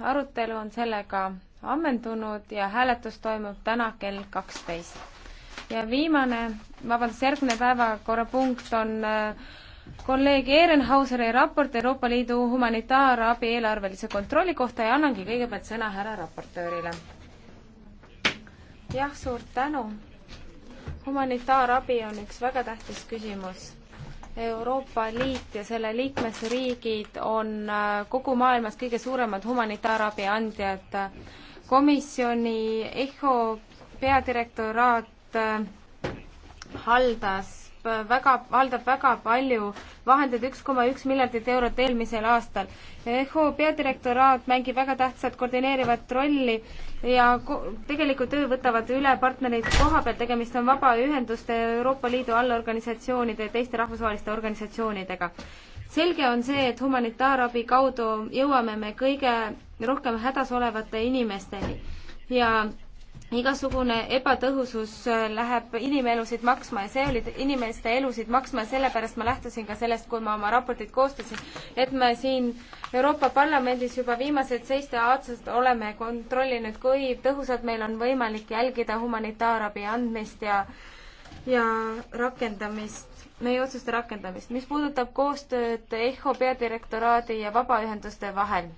arutelu on sellega ammendunud ja hääletus toimub täna kell kaksteist. ja viimane, vabandust, järgmine päevakorrapunkt on äh, kolleeg Ehrenhauseri raport Euroopa Liidu humanitaarabi eelarvelise kontrolli kohta ja annangi kõigepealt sõna härra raportöörile. jah, suur tänu. humanitaarabi on üks väga tähtis küsimus Euroopa Liit ja selle liikmesriigid on äh, kogu maailmas kõige suuremad humanitaarabi andjad. komisjoni EHO peadirektoraat äh, haldas väga, valdab väga palju vahendeid, üks koma üks miljardit eurot eelmisel aastal. EHO peadirektoraat mängib väga tähtsat koordineerivat rolli ja ko-, tegelikult töö võtavad üle partnerid koha peal, tegemist on vabaühenduste, Euroopa Liidu allorganisatsioonide ja teiste rahvusvaheliste organisatsioonidega. selge on see, et humanitaarabi kaudu jõuame me kõige rohkem hädas olevate inimesteni ja igasugune ebatõhusus äh, läheb inimelusid maksma ja see oli inimeste elusid maksma ja sellepärast ma lähtusin ka sellest, kui ma oma raportit koostasin, et me siin Euroopa Parlamendis juba viimased seitse aastat oleme kontrollinud, kui tõhusalt meil on võimalik jälgida humanitaarabi andmist ja ja rakendamist, meie otsuste rakendamist, mis puudutab koostööd EHO peadirektoraadi ja vabaühenduste vahel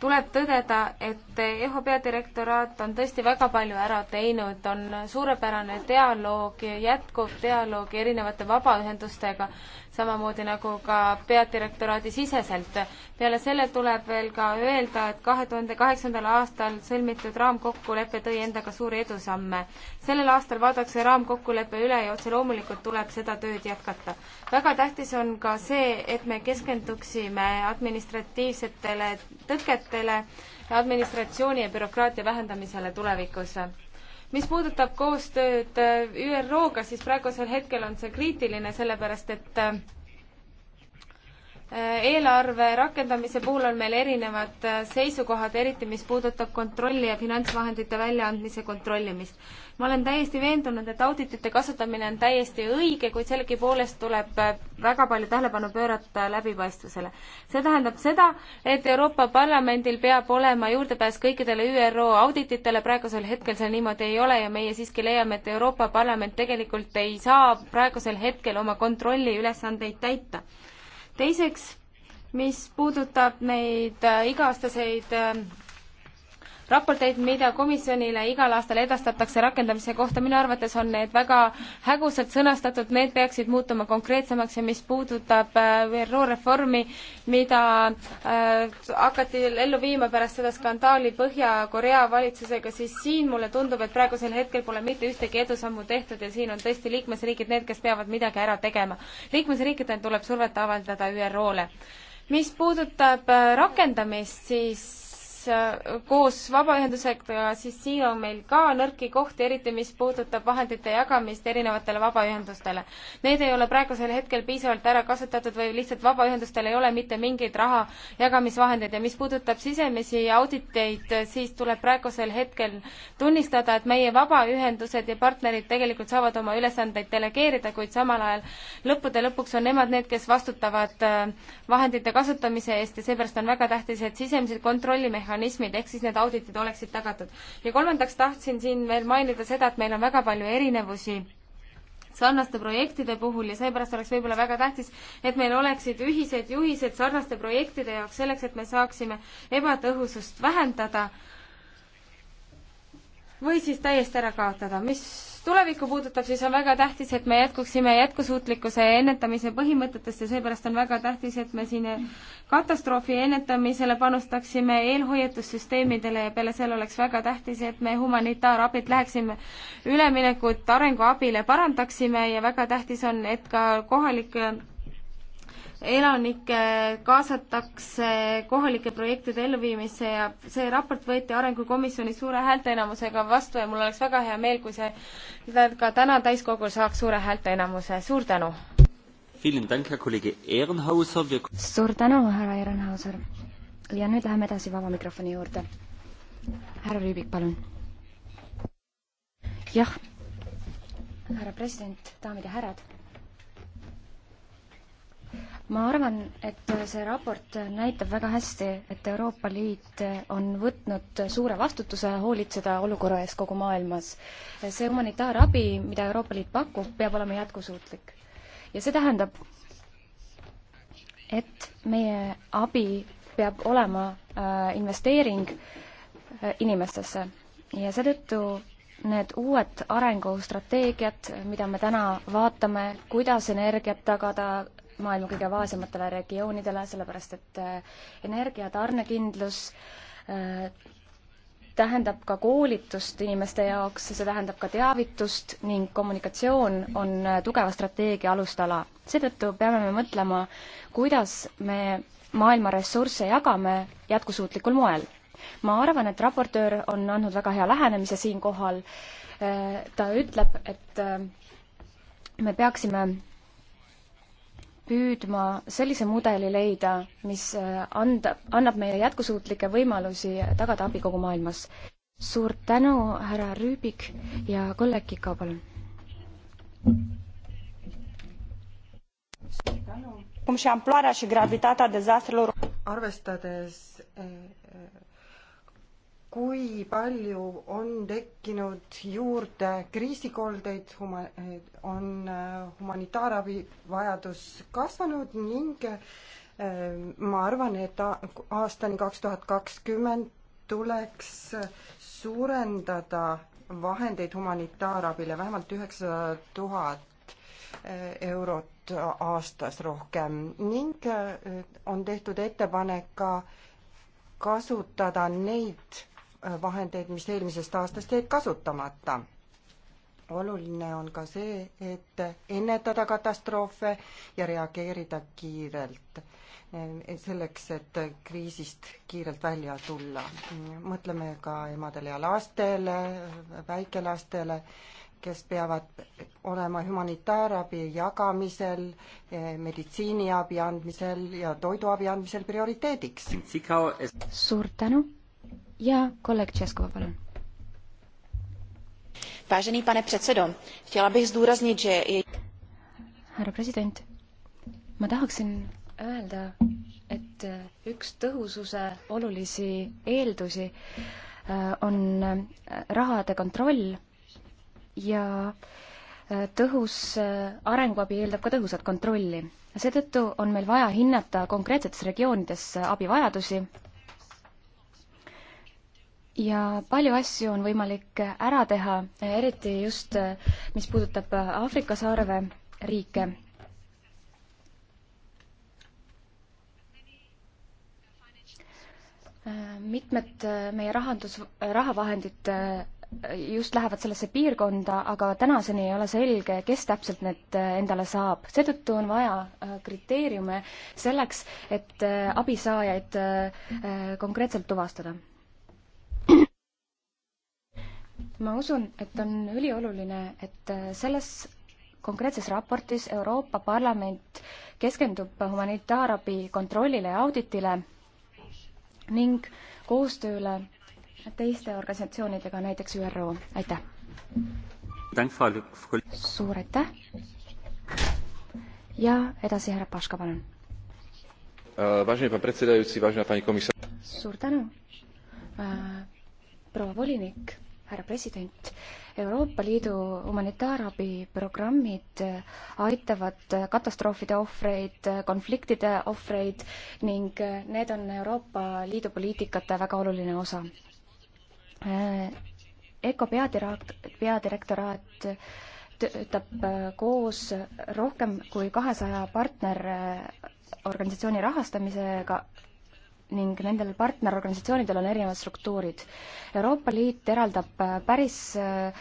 tuleb tõdeda, et EHO peadirektoraat on tõesti väga palju ära teinud, on suurepärane dialoog, jätkuv dialoog erinevate vabaühendustega, samamoodi nagu ka peadirektoraadi siseselt. peale selle tuleb veel ka öelda, et kahe tuhande kaheksandal aastal sõlmitud raamkokkulepe tõi endaga suuri edusamme. sellel aastal vaadatakse raamkokkulepe üle ja otse loomulikult tuleb seda tööd jätkata. väga tähtis on ka see, et me keskenduksime administratiivsetele tõketele, ettevõtetele ja administratsiooni ja bürokraatia vähendamisele tulevikus mis puudutab koostööd äh, ÜRO-ga, siis praegusel hetkel on see kriitiline, sellepärast et äh, Äh, eelarve rakendamise puhul on meil erinevad äh, seisukohad, eriti mis puudutab kontrolli ja finantsvahendite väljaandmise kontrollimist. ma olen täiesti veendunud, et auditite kasutamine on täiesti õige, kuid sellegipoolest tuleb äh, väga palju tähelepanu pöörata läbipaistvusele. see tähendab seda, et Euroopa Parlamendil peab olema juurdepääs kõikidele ÜRO audititele, praegusel hetkel see niimoodi ei ole ja meie siiski leiame, et Euroopa Parlament tegelikult ei saa praegusel hetkel oma kontrolliülesandeid täita teiseks, mis puudutab neid äh, iga-aastaseid äh, raporteid, mida komisjonile igal aastal edastatakse rakendamise kohta, minu arvates on need väga häguselt sõnastatud, need peaksid muutuma konkreetsemaks ja mis puudutab äh, ÜRO reformi, mida äh, hakati ellu viima pärast seda skandaali Põhja-Korea valitsusega, siis siin mulle tundub, et praegusel hetkel pole mitte ühtegi edusammu tehtud ja siin on tõesti liikmesriigid need, kes peavad midagi ära tegema. liikmesriikidel tuleb survet avaldada ÜRO-le mis puudutab äh, rakendamist, siis Äh, koos vabaühendusega, siis siin on meil ka nõrki kohti, eriti mis puudutab vahendite jagamist erinevatele vabaühendustele. Need ei ole praegusel hetkel piisavalt ära kasutatud või lihtsalt vabaühendustel ei ole mitte mingeid raha jagamisvahendeid ja mis puudutab sisemisi auditeid, siis tuleb praegusel hetkel tunnistada, et meie vabaühendused ja partnerid tegelikult saavad oma ülesandeid delegeerida, kuid samal ajal lõppude lõpuks on nemad need, kes vastutavad äh, vahendite kasutamise eest ja seepärast on väga tähtis, et sisemised kontrollimehhanismid mehhanismid, ehk siis need auditid oleksid tagatud. ja kolmandaks tahtsin siin veel mainida seda, et meil on väga palju erinevusi sarnaste projektide puhul ja seepärast oleks võib-olla väga tähtis, et meil oleksid ühised juhised sarnaste projektide jaoks, selleks et me saaksime ebatõhusust vähendada või siis täiesti ära kaotada, mis tulevikku puudutab, siis on väga tähtis, et me jätkuksime jätkusuutlikkuse ennetamise põhimõtetest ja seepärast on väga tähtis, et me siin katastroofi ennetamisele panustaksime eelhoiatussüsteemidele ja peale selle oleks väga tähtis, et me humanitaarabilt läheksime üleminekut arenguabile parandaksime ja väga tähtis on, et ka kohalike elanikke kaasatakse kohalike projektide elluviimisse ja see raport võeti Arengukomisjonis suure häälteenamusega vastu ja mul oleks väga hea meel, kui see ka täna täiskogul saaks suure häälteenamuse, suur tänu! suur tänu, härra Ehrenhauser! ja nüüd läheme edasi vaba mikrofoni juurde. härra Rüübik, palun! jah, härra president, daamid ja härrad ma arvan, et see raport näitab väga hästi, et Euroopa Liit on võtnud suure vastutuse hoolitseda olukorra eest kogu maailmas. see humanitaarabi, mida Euroopa Liit pakub, peab olema jätkusuutlik. ja see tähendab, et meie abi peab olema äh, investeering äh, inimestesse ja seetõttu need uued arengustrateegiad, mida me täna vaatame, kuidas energiat tagada, maailma kõige vaesematele regioonidele, sellepärast et äh, energia tarnekindlus äh, tähendab ka koolitust inimeste jaoks, see tähendab ka teavitust ning kommunikatsioon on äh, tugeva strateegia alustala. seetõttu peame me mõtlema, kuidas me maailma ressursse jagame jätkusuutlikul moel. ma arvan, et raportöör on andnud väga hea lähenemise siinkohal, ta ütleb, et me peaksime püüdma sellise mudeli leida, mis äh, anda, annab meile jätkusuutlikke võimalusi tagada abi kogu maailmas. suur tänu, härra Rüübik ja kolleeg Kiko, palun. arvestades kui palju on tekkinud juurde kriisikoldeid, huma-, on äh, humanitaarabi vajadus kasvanud ning äh, ma arvan, et aastani kaks tuhat kakskümmend tuleks suurendada vahendeid humanitaarabile vähemalt üheksasada tuhat äh, eurot aastas rohkem ning on tehtud ettepanek ka kasutada neid vahendeid, mis eelmisest aastast jäid kasutamata. oluline on ka see, et ennetada katastroofe ja reageerida kiirelt, eh, selleks, et kriisist kiirelt välja tulla. mõtleme ka emadele ja lastele, väikelastele kes peavad olema humanitaarabi jagamisel, eh, meditsiiniabi andmisel ja toiduabi andmisel prioriteediks. suur tänu ja kolleeg Českova, palun. Vážený pane předsedo, chtěla bych zdůraznit, že... Härra president, ma tahaksin öelda, et üks tõhususe olulisi eeldusi äh, on äh, rahade kontroll ja äh, tõhus arenguabi eeldab ka tõhusat kontrolli. seetõttu on meil vaja hinnata konkreetsetes regioonides abivajadusi ja palju asju on võimalik ära teha, eriti just, mis puudutab Aafrika saarve riike mitmed meie rahandus, rahavahendid just lähevad sellesse piirkonda, aga tänaseni ei ole selge, kes täpselt need endale saab. seetõttu on vaja äh, kriteeriume selleks, et äh, abisaajaid äh, konkreetselt tuvastada ma usun, et on ülioluline, et äh, selles konkreetses raportis Euroopa Parlament keskendub humanitaarabi kontrollile ja auditile ning koostööle teiste organisatsioonidega, näiteks ÜRO, aitäh! suur aitäh! ja edasi härra Paška, palun! Äh, suur tänu, äh, proua volinik härra president. Euroopa Liidu humanitaarabiprogrammid äh, aitavad äh, katastroofide ohvreid, äh, konfliktide ohvreid ning need on Euroopa Liidu poliitikate väga oluline osa. EKO peadirak-, peadirektoraat töötab koos rohkem kui kahesaja partnerorganisatsiooni rahastamisega ning nendel partnerorganisatsioonidel on erinevad struktuurid. Euroopa Liit eraldab äh, päris äh,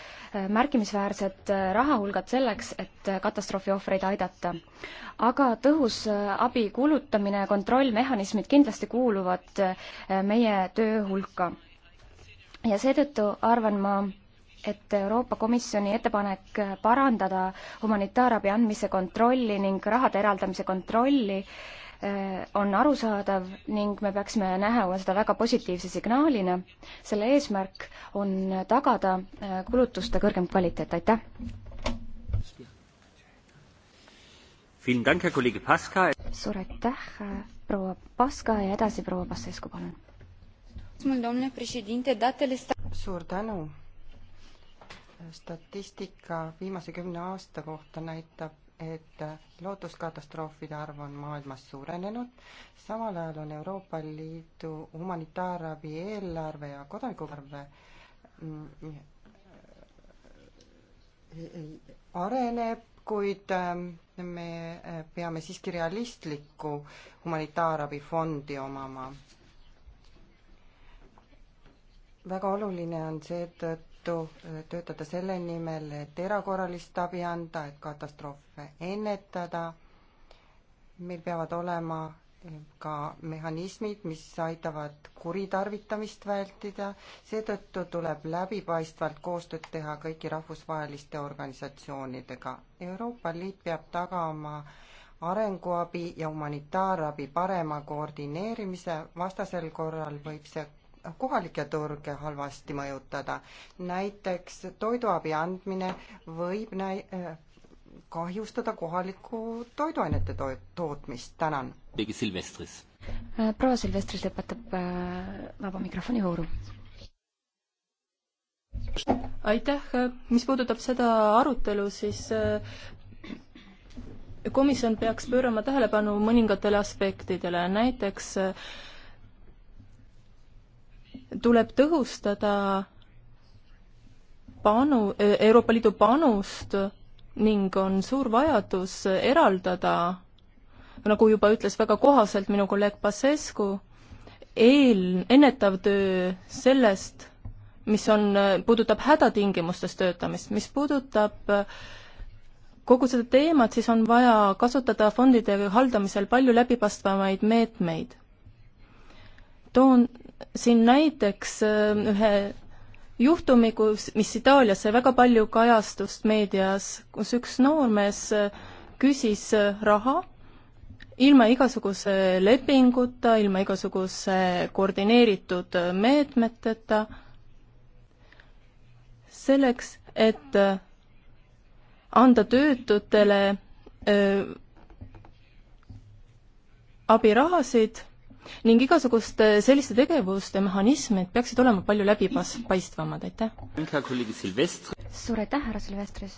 märkimisväärsed äh, rahahulgad selleks, et katastroofi ohvreid aidata. aga tõhus abi kulutamine ja kontrollmehhanismid kindlasti kuuluvad meie töö hulka. ja seetõttu arvan ma, et Euroopa Komisjoni ettepanek parandada humanitaarabi andmise kontrolli ning rahade eraldamise kontrolli äh, on arusaadav ning me peaksime nähema seda väga positiivse signaalina. selle eesmärk on tagada äh, kulutuste kõrgem kvaliteet, aitäh! suur aitäh, äh, proua Paska ja edasi proua Passescu, palun! suur tänu! statistika viimase kümne aasta kohta näitab, et lootuskatastroofide arv on maailmas suurenenud, samal ajal on Euroopa Liidu humanitaarabi eelarve ja kodanikuarve mm, areneb, kuid mm, me peame siiski realistlikku humanitaarabifondi omama. väga oluline on seetõttu Liitu äh, töötada selle nimel, et erakorralist abi anda, et katastroofe ennetada. meil peavad olema äh, ka mehhanismid, mis aitavad kuritarvitamist vältida, seetõttu tuleb läbipaistvalt koostööd teha kõigi rahvusvaheliste organisatsioonidega. Euroopa Liit peab tagama arenguabi ja humanitaarabi parema koordineerimise, vastasel korral võib see kohalikke turge halvasti mõjutada. näiteks toiduabi andmine võib näi-, äh, kahjustada kohalikku toiduainete to-, tootmist, tänan. keegi Silvestris? Äh, proua Silvestris lõpetab äh, vaba mikrofoni vooru. aitäh, mis puudutab seda arutelu, siis komisjon peaks pöörama tähelepanu mõningatele aspektidele, näiteks tuleb tõhustada panu, Euroopa Liidu panust ning on suur vajadus eraldada, nagu juba ütles väga kohaselt minu kolleeg Pasescu, eel, ennetav töö sellest, mis on, puudutab hädatingimustes töötamist, mis puudutab kogu seda teemat, siis on vaja kasutada fondide haldamisel palju läbipaistvamaid meetmeid. toon siin näiteks ähm, ühe juhtumi, kus, mis Itaalias sai väga palju kajastust meedias, kus üks noormees äh, küsis äh, raha ilma igasuguse lepinguta, ilma igasuguse koordineeritud äh, meetmeteta, selleks, et anda töötutele abirahasid ning igasuguste selliste tegevuste mehhanismid peaksid olema palju läbipaistvamad, aitäh. suur aitäh, härra Silvestris.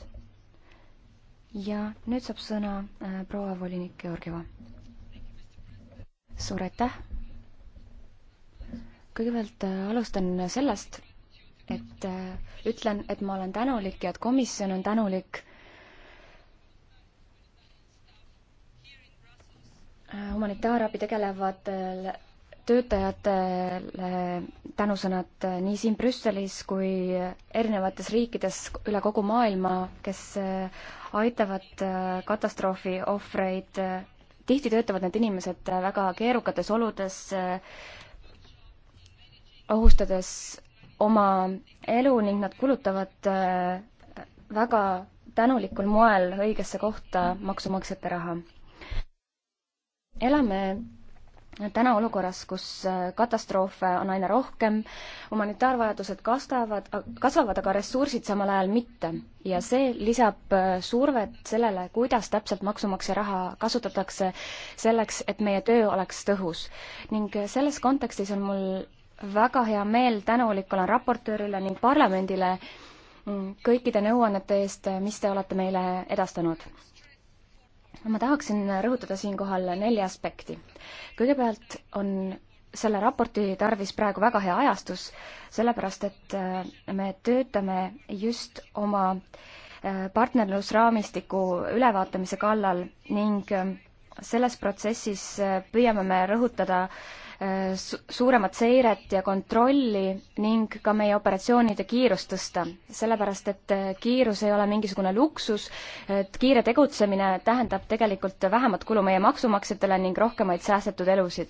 ja nüüd saab sõna äh, proua volinik Georgieva. suur aitäh. kõigepealt äh, alustan sellest, et äh, ütlen, et ma olen tänulik ja et komisjon on tänulik Äh, humanitaarabi tegelevatele töötajatele tänusõnad äh, nii siin Brüsselis kui erinevates riikides üle kogu maailma, kes äh, aitavad katastroofi ohvreid. tihti töötavad need inimesed väga keerukates oludes, ohustades oma elu ning nad kulutavad väga tänulikul moel õigesse kohta maksumaksjate raha elame täna olukorras, kus äh, katastroofe on aina rohkem, humanitaarvajadused kastavad, kasvavad, aga ressursid samal ajal mitte. ja see lisab äh, survet sellele, kuidas täpselt maksumaksja raha kasutatakse selleks, et meie töö oleks tõhus. ning äh, selles kontekstis on mul väga hea meel, tänulik olen raportöörile ning parlamendile mm, kõikide nõuannete eest, mis te olete meile edastanud ma tahaksin rõhutada siinkohal nelja aspekti. kõigepealt on selle raporti tarvis praegu väga hea ajastus, sellepärast et äh, me töötame just oma äh, partnerlusraamistiku ülevaatamise kallal ning äh, selles protsessis püüame me rõhutada äh, suuremat seiret ja kontrolli ning ka meie operatsioonide kiirust tõsta. sellepärast, et äh, kiirus ei ole mingisugune luksus, et kiire tegutsemine tähendab tegelikult vähemat kulu meie maksumaksjatele ning rohkemaid säästetud elusid.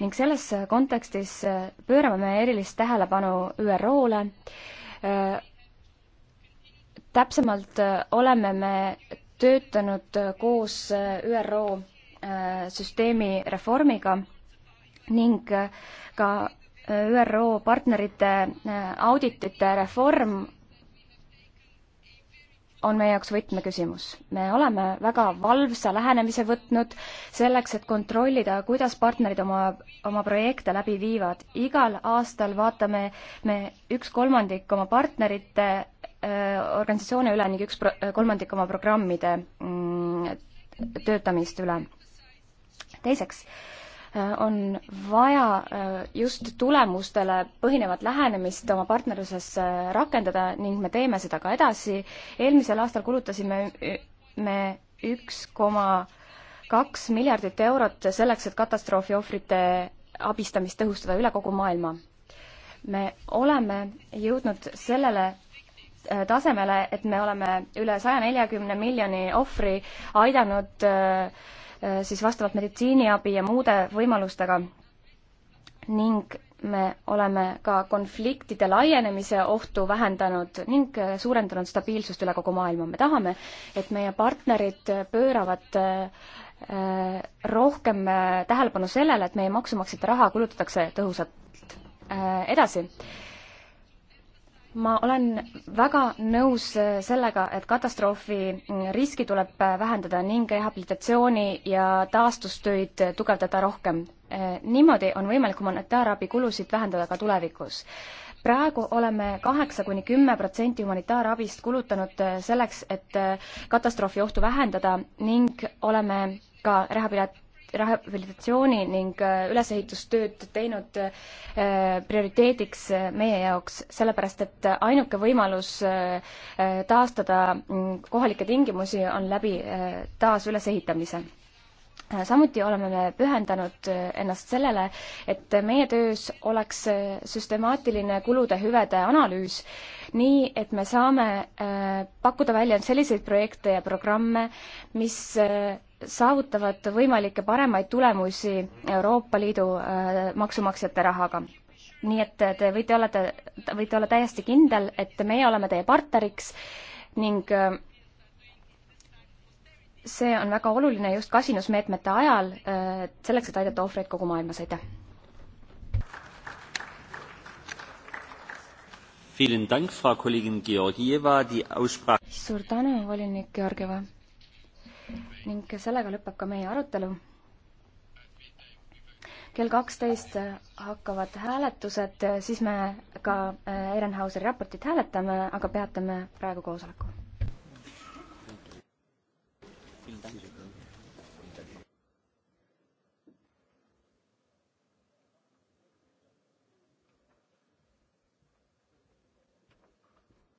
ning selles kontekstis äh, pöörame me erilist tähelepanu ÜRO-le, äh, täpsemalt oleme me töötanud koos ÜRO süsteemi reformiga ning äh, ka äh, ÜRO partnerite äh, auditite reform on meie jaoks võtmeküsimus. me oleme väga valvsa lähenemise võtnud selleks, et kontrollida, kuidas partnerid oma, oma projekte läbi viivad. igal aastal vaatame me üks kolmandik oma partnerite organisatsioone üle ning üks kolmandik oma programmide mm, töötamist üle. teiseks on vaja äh, just tulemustele põhinevat lähenemist oma partnerluses äh, rakendada ning me teeme seda ka edasi. eelmisel aastal kulutasime me üks koma kaks miljardit eurot selleks, et katastroofi ohvrite abistamist tõhustada üle kogu maailma. me oleme jõudnud sellele äh, tasemele, et me oleme üle saja neljakümne miljoni ohvri aidanud äh, Äh, siis vastavalt meditsiiniabi ja muude võimalustega ning me oleme ka konfliktide laienemise ohtu vähendanud ning äh, suurendanud stabiilsust üle kogu maailma. me tahame, et meie partnerid pööravad äh, rohkem tähelepanu sellele, et meie maksumaksjate raha kulutatakse tõhusalt edasi ma olen väga nõus äh, sellega, et katastroofi mm, riski tuleb äh, vähendada ning rehabilitatsiooni ja taastustöid äh, tugevdada rohkem. niimoodi on võimalik humanitaarabi kulusid vähendada ka tulevikus. praegu oleme kaheksa kuni kümme protsenti humanitaarabist kulutanud selleks, et katastroofi ohtu vähendada ning oleme ka rehabilit-, rehabilitatsiooni ning äh, ülesehitustööd teinud äh, prioriteediks äh, meie jaoks, sellepärast et ainuke võimalus taastada mm, kohalikke tingimusi on läbi taasülesehitamise Äh, samuti oleme me pühendanud äh, ennast sellele, et meie töös oleks äh, süstemaatiline kulude-hüvede analüüs, nii et me saame pakkuda välja selliseid projekte ja programme, mis saavutavad võimalikke paremaid tulemusi Euroopa Liidu maksumaksjate rahaga. nii et te võite olla, võite olla täiesti kindel, et meie oleme teie partneriks ning see on väga oluline just kasinusmeetmete ajal, äh, selleks, et aidata ohvreid kogu maailmas, aitäh! suur tänu, volinik Georgieva! ning sellega lõpeb ka meie arutelu. kell kaksteist hakkavad hääletused, siis me ka äh, Ehrenhauseri raportit hääletame, aga peatame praegu koosoleku.